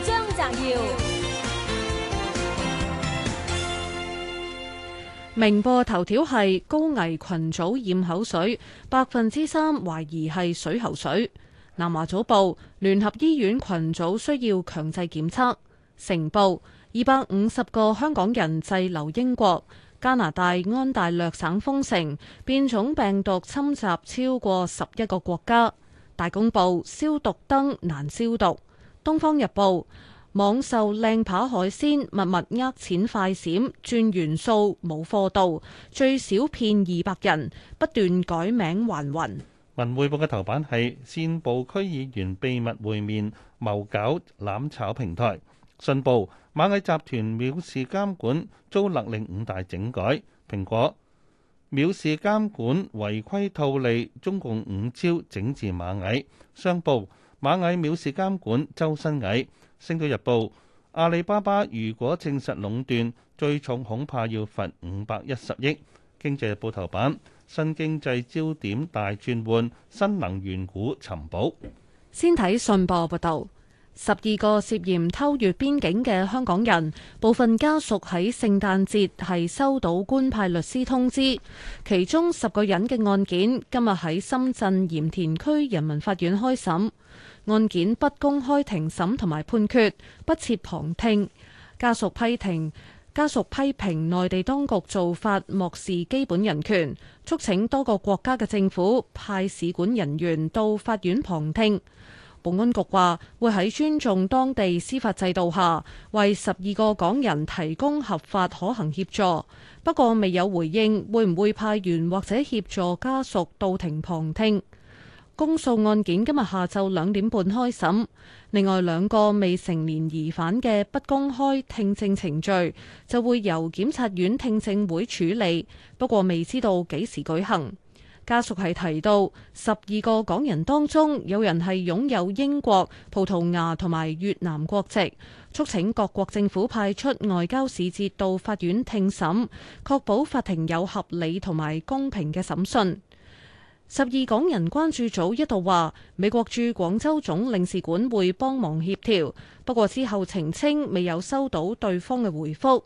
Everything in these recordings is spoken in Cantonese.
張澤堯，明報頭條係高危群組驗口水，百分之三懷疑係水喉水。南華早報，聯合醫院群組需要強制檢測。成報，二百五十個香港人滯留英國、加拿大、安大略省封城，變種病毒侵襲超過十一個國家。大公報，消毒燈難消毒。《東方日報》網售靚扒海鮮，密密呃錢快閃，轉元素冇貨到，最少騙二百人，不斷改名還魂。《文匯報》嘅頭版係煽暴區議員秘密會面謀搞攬炒平台。《信報》螞蟻集團藐視監管遭勒令五大整改。《蘋果》藐視監管違規套利，中共五招整治螞蟻。《商報》螞蟻藐視監管，周身蟻，《星島日報》。阿里巴巴如果證實壟斷，最重恐怕要罰五百一十億。《經濟日報》頭版：新經濟焦點大轉換，新能源股尋寶。先睇信報報道：十二個涉嫌偷越邊境嘅香港人，部分家屬喺聖誕節係收到官派律師通知，其中十個人嘅案件今日喺深圳鹽田區人民法院開審。案件不公開庭審同埋判決，不設旁聽。家屬批評，家屬批評內地當局做法漠視基本人權，促請多個國家嘅政府派使館人員到法院旁聽。保安局話會喺尊重當地司法制度下，為十二個港人提供合法可行協助。不過未有回應，會唔會派員或者協助家屬到庭旁聽。公訴案件今日下晝兩點半開審，另外兩個未成年疑犯嘅不公開聽證程序就會由檢察院聽證會處理，不過未知道幾時舉行。家屬係提到十二個港人當中，有人係擁有英國、葡萄牙同埋越南國籍，促請各國政府派出外交使節到法院聽審，確保法庭有合理同埋公平嘅審訊。十二港人關注組一度話美國駐廣州總領事館會幫忙協調，不過之後澄清未有收到對方嘅回覆。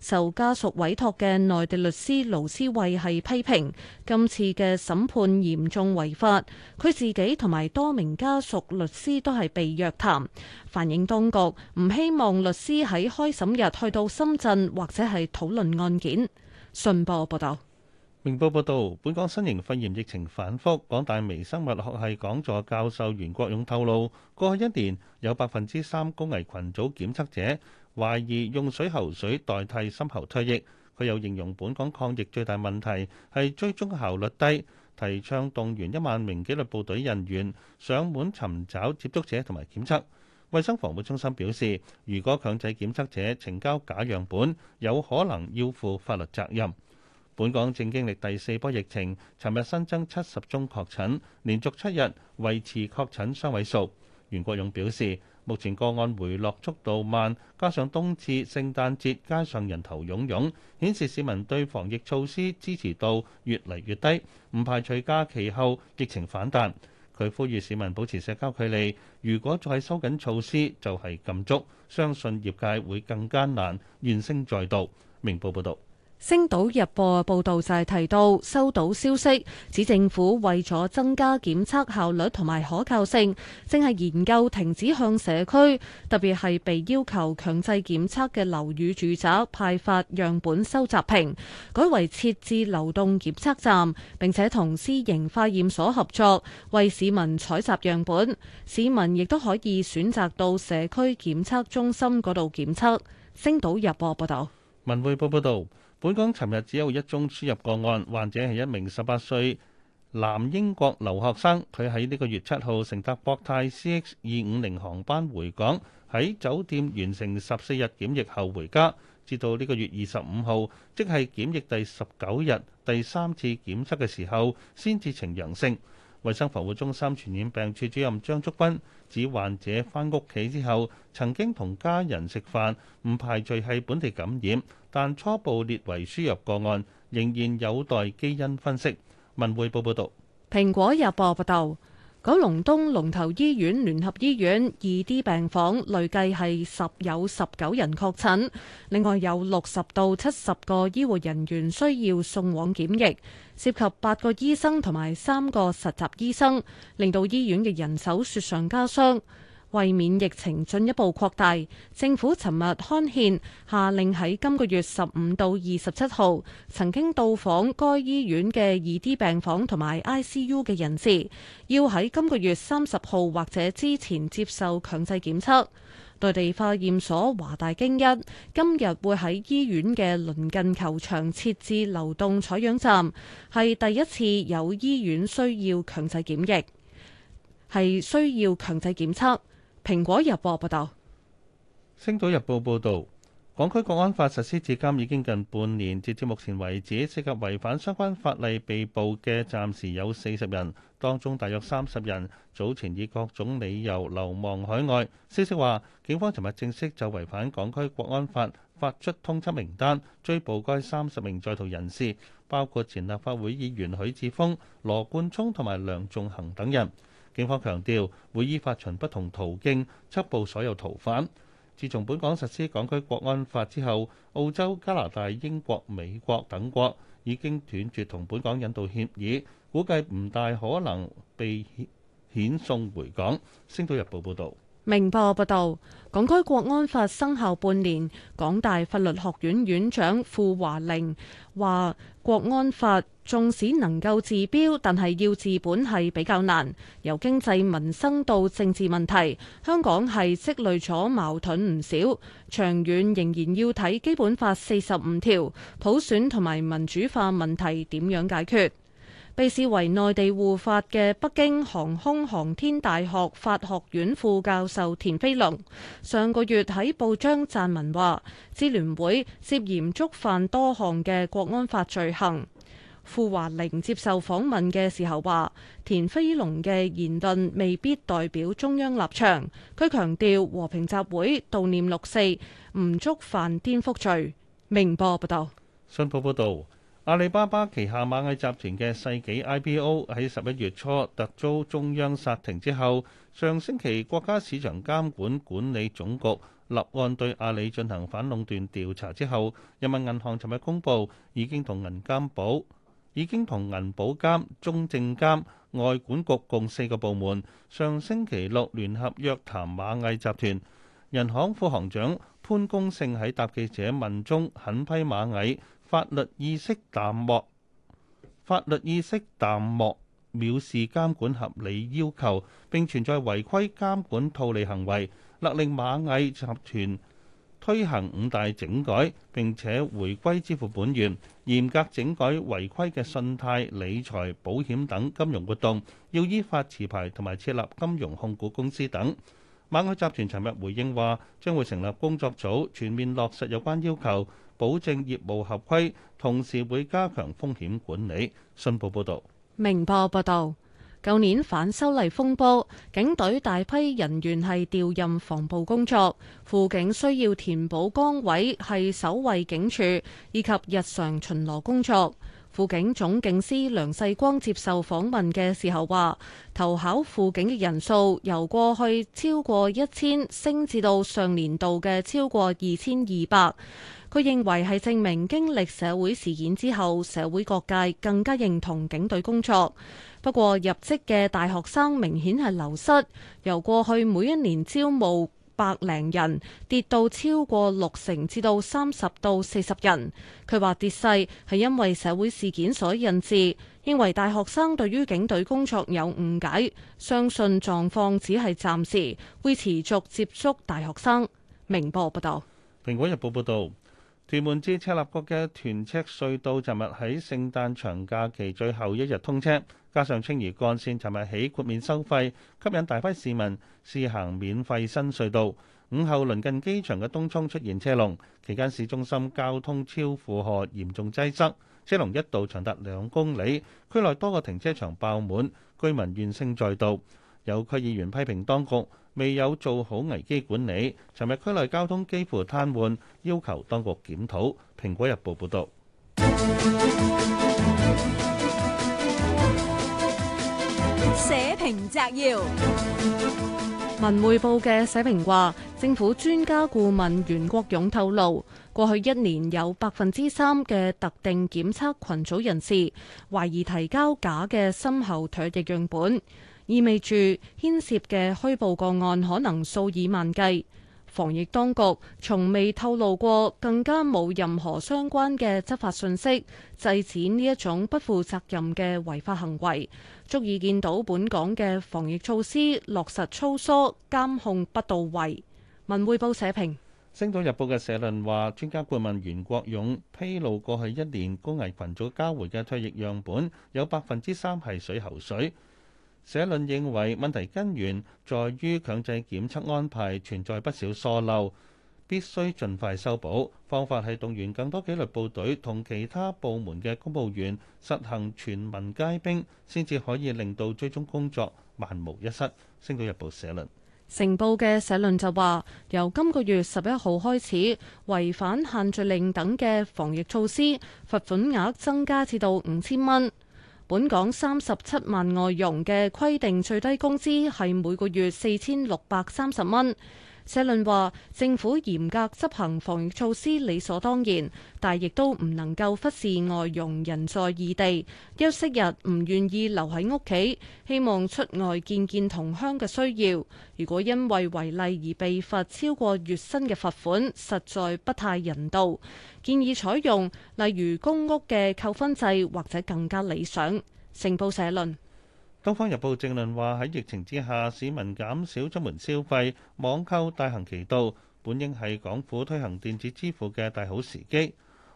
受家屬委託嘅內地律師盧思慧係批評今次嘅審判嚴重違法，佢自己同埋多名家屬律師都係被約談，反映當局唔希望律師喺開審日去到深圳或者係討論案件。信報報道。明報報導，本港新型肺炎疫情反覆，港大微生物學系講座教授袁國勇透露，過去一年有百分之三高危群組檢測者懷疑用水喉水代替深喉唾液。佢又形容本港抗疫最大問題係追蹤效率低，提倡動員一萬名紀律部隊人員上門尋找接觸者同埋檢測。衛生防護中心表示，如果強制檢測者呈交假樣本，有可能要負法律責任。本港正經歷第四波疫情，尋日新增七十宗確診，連續七日維持確診雙位數。袁國勇表示，目前個案回落速度慢，加上冬至、聖誕節街上人頭湧湧，顯示市民對防疫措施支持度越嚟越低，唔排除假期後疫情反彈。佢呼籲市民保持社交距離，如果再收緊措施就係禁足，相信業界會更艱難，怨聲載道。明報報道。星島日報報道就係提到，收到消息指政府為咗增加檢測效率同埋可靠性，正係研究停止向社區，特別係被要求強制檢測嘅樓宇住宅派發樣本收集瓶，改為設置流動檢測站，並且同私營化驗所合作為市民採集樣本。市民亦都可以選擇到社區檢測中心嗰度檢測。星島日報報道，文匯報報道。本港尋日只有一宗輸入個案，患者係一名十八歲男英國留學生，佢喺呢個月七號乘搭博泰 CX 二五零航班回港，喺酒店完成十四日檢疫後回家，直到呢個月二十五號，即係檢疫第十九日第三次檢測嘅時候，先至呈陽性。衛生防護中心傳染病處主任張竹君指，患者返屋企之後曾經同家人食飯，唔排除係本地感染，但初步列為輸入個案，仍然有待基因分析。文匯報報道。蘋果日報報道。九龍東龍頭醫院聯合醫院 2D 病房累計係十有十九人確診，另外有六十到七十個醫護人員需要送往檢疫，涉及八個醫生同埋三個實習醫生，令到醫院嘅人手雪上加霜。為免疫情進一步擴大，政府尋日刊憲下令喺今個月十五到二十七號曾經到訪該醫院嘅二 D 病房同埋 ICU 嘅人士，要喺今個月三十號或者之前接受強制檢測。內地化驗所華大基因今日會喺醫院嘅鄰近球場設置流動採樣站，係第一次有醫院需要強制檢疫，係需要強制檢測。蘋果日報報道，《星島日報》報道，港區國安法實施至今已經近半年，截至目前為止，涉及違反相關法例被捕嘅暫時有四十人，當中大約三十人早前以各種理由流亡海外。消息話，警方尋日正式就違反港區國安法發出通緝名單，追捕該三十名在逃人士，包括前立法會議員許智峰、羅冠聰同埋梁仲恒等人。警方強調會依法循不同途徑緝捕所有逃犯。自從本港實施港區國安法之後，澳洲、加拿大、英國、美國等國已經斷絕同本港引渡協議，估計唔大可能被遣，遣送回港。星島日報報導。明報報道：「港區國安法生效半年，港大法律學院院長傅華玲話：國安法縱使能夠治標，但係要治本係比較難。由經濟民生到政治問題，香港係積累咗矛盾唔少，長遠仍然要睇基本法四十五條、普選同埋民主化問題點樣解決。」被視為內地護法嘅北京航空航天大學法學院副教授田飛龍，上個月喺報章撰文話，支聯會涉嫌觸犯多項嘅國安法罪行。傅華玲接受訪問嘅時候話，田飛龍嘅言論未必代表中央立場。佢強調，和平集會悼念六四唔觸犯顛覆罪。明報報道，信報報道。阿里巴巴旗下螞蟻集團嘅世紀 IPO 喺十一月初突遭中央殺停之後，上星期國家市場監管管理總局立案對阿里進行反壟斷調查之後，人民銀行尋日公佈已經同銀監部已經同銀保監中證監、外管局共四個部門上星期六聯合約談螞蟻集團，人行副行長潘功勝喺答記者問中狠批螞蟻。法律意識淡漠，法律意識淡漠，藐視監管合理要求，並存在違規監管套利行為。勒令螞蟻集團推行五大整改，並且回歸支付本源，嚴格整改違規嘅信貸、理財、保險等金融活動，要依法持牌同埋設立金融控股公司等。螞蟻集團尋日回應話，將會成立工作組，全面落實有關要求。保證業務合規，同時會加強風險管理。信報報道：明報報道，舊年反修例風波，警隊大批人員係調任防暴工作，輔警需要填補崗位係守衛警署，以及日常巡邏工作。輔警總警司梁世光接受訪問嘅時候話，投考輔警嘅人數由過去超過一千升至到上年度嘅超過二千二百，佢認為係證明經歷社會事件之後，社會各界更加認同警隊工作。不過，入職嘅大學生明顯係流失，由過去每一年招募。百零人跌到超過六成，至到三十到四十人。佢話跌勢係因為社會事件所引致，認為大學生對於警隊工作有誤解，相信狀況只係暫時會持續接觸大學生。明報報道。蘋果日報報道屯門至赤鱲角嘅屯赤隧道，尋日喺聖誕長假期最後一日通車。加上青嶼幹線尋日起豁免收費，吸引大批市民試行免費新隧道。午後鄰近機場嘅東涌出現車龍，期間市中心交通超負荷，嚴重擠塞，車龍一度長達兩公里，區內多個停車場爆滿，居民怨聲載道。有區議員批評當局未有做好危機管理，尋日區內交通幾乎癱瘓,瘓，要求當局檢討。《蘋果日報》報導。 平澤耀，《文匯報》嘅社評話，政府專家顧問袁國勇透露，過去一年有百分之三嘅特定檢測群組人士懷疑提交假嘅深喉唾液樣本，意味住牽涉嘅虛報個案可能數以萬計。防疫當局從未透露過，更加冇任何相關嘅執法信息，制止呢一種不負責任嘅違法行為，足以見到本港嘅防疫措施落實粗疏、監控不到位。文匯報社評，《星島日報》嘅社論話：專家顧問袁國勇披露，過去一年高危群組交回嘅唾液樣本有百分之三係水喉水。社論認為問題根源在於強制檢測安排存在不少疏漏，必須盡快修補。方法係動員更多紀律部隊同其他部門嘅公務員實行全民皆兵，先至可以令到追蹤工作萬無一失。星島日報社論。成報嘅社論就話，由今個月十一號開始，違反限聚令等嘅防疫措施罰款額增加至到五千蚊。本港三十七萬外傭嘅規定最低工資係每個月四千六百三十蚊。社論話，政府嚴格執行防疫措施理所當然，但亦都唔能夠忽視外傭人在異地休息日唔願意留喺屋企，希望出外見見同鄉嘅需要。如果因為違例而被罰超過月薪嘅罰款，實在不太人道。建議採用例如公屋嘅扣分制，或者更加理想。成報社論。《東方日報》正論話：喺疫情之下，市民減少出門消費，網購大行其道。本應係港府推行電子支付嘅大好時機，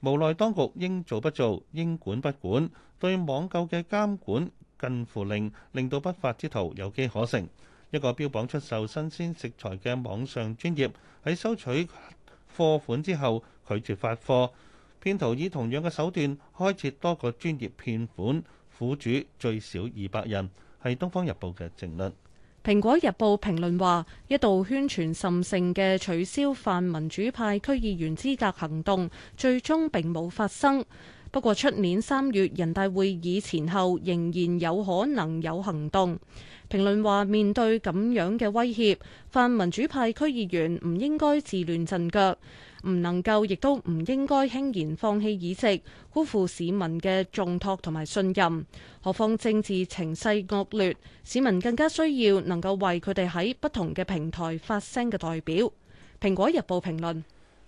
無奈當局應做不做，應管不管，對網購嘅監管近乎零，令到不法之徒有機可乘。一個標榜出售新鮮食材嘅網上專業，喺收取貨款之後拒絕發貨，騙徒以同樣嘅手段開設多個專業騙款。苦主最少二百人，係東方日報嘅評論。蘋果日報評論話，一度宣傳甚盛嘅取消泛民主派區議員資格行動，最終並冇發生。不過出年三月人大會議前後仍然有可能有行動。評論話，面對咁樣嘅威脅，泛民主派區議員唔應該自亂陣腳。唔能夠，亦都唔應該輕言放棄議席，辜負市民嘅重託同埋信任。何況政治情勢惡劣，市民更加需要能夠為佢哋喺不同嘅平台發聲嘅代表。《蘋果日報》評論，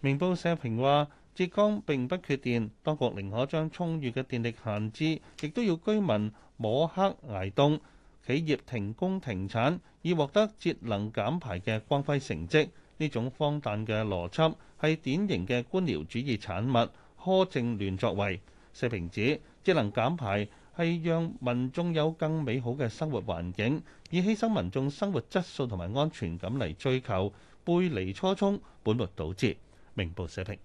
明報社評話：浙江並不缺電，當局寧可將充裕嘅電力限制，亦都要居民摸黑挨凍，企業停工停產，以獲得節能減排嘅光輝成績。呢種荒誕嘅邏輯，係典型嘅官僚主義產物，苛政亂作為。社評指節能減排係讓民眾有更美好嘅生活環境，以犧牲民眾生活質素同埋安全感嚟追求，背離初衷，本末倒置。明報社評。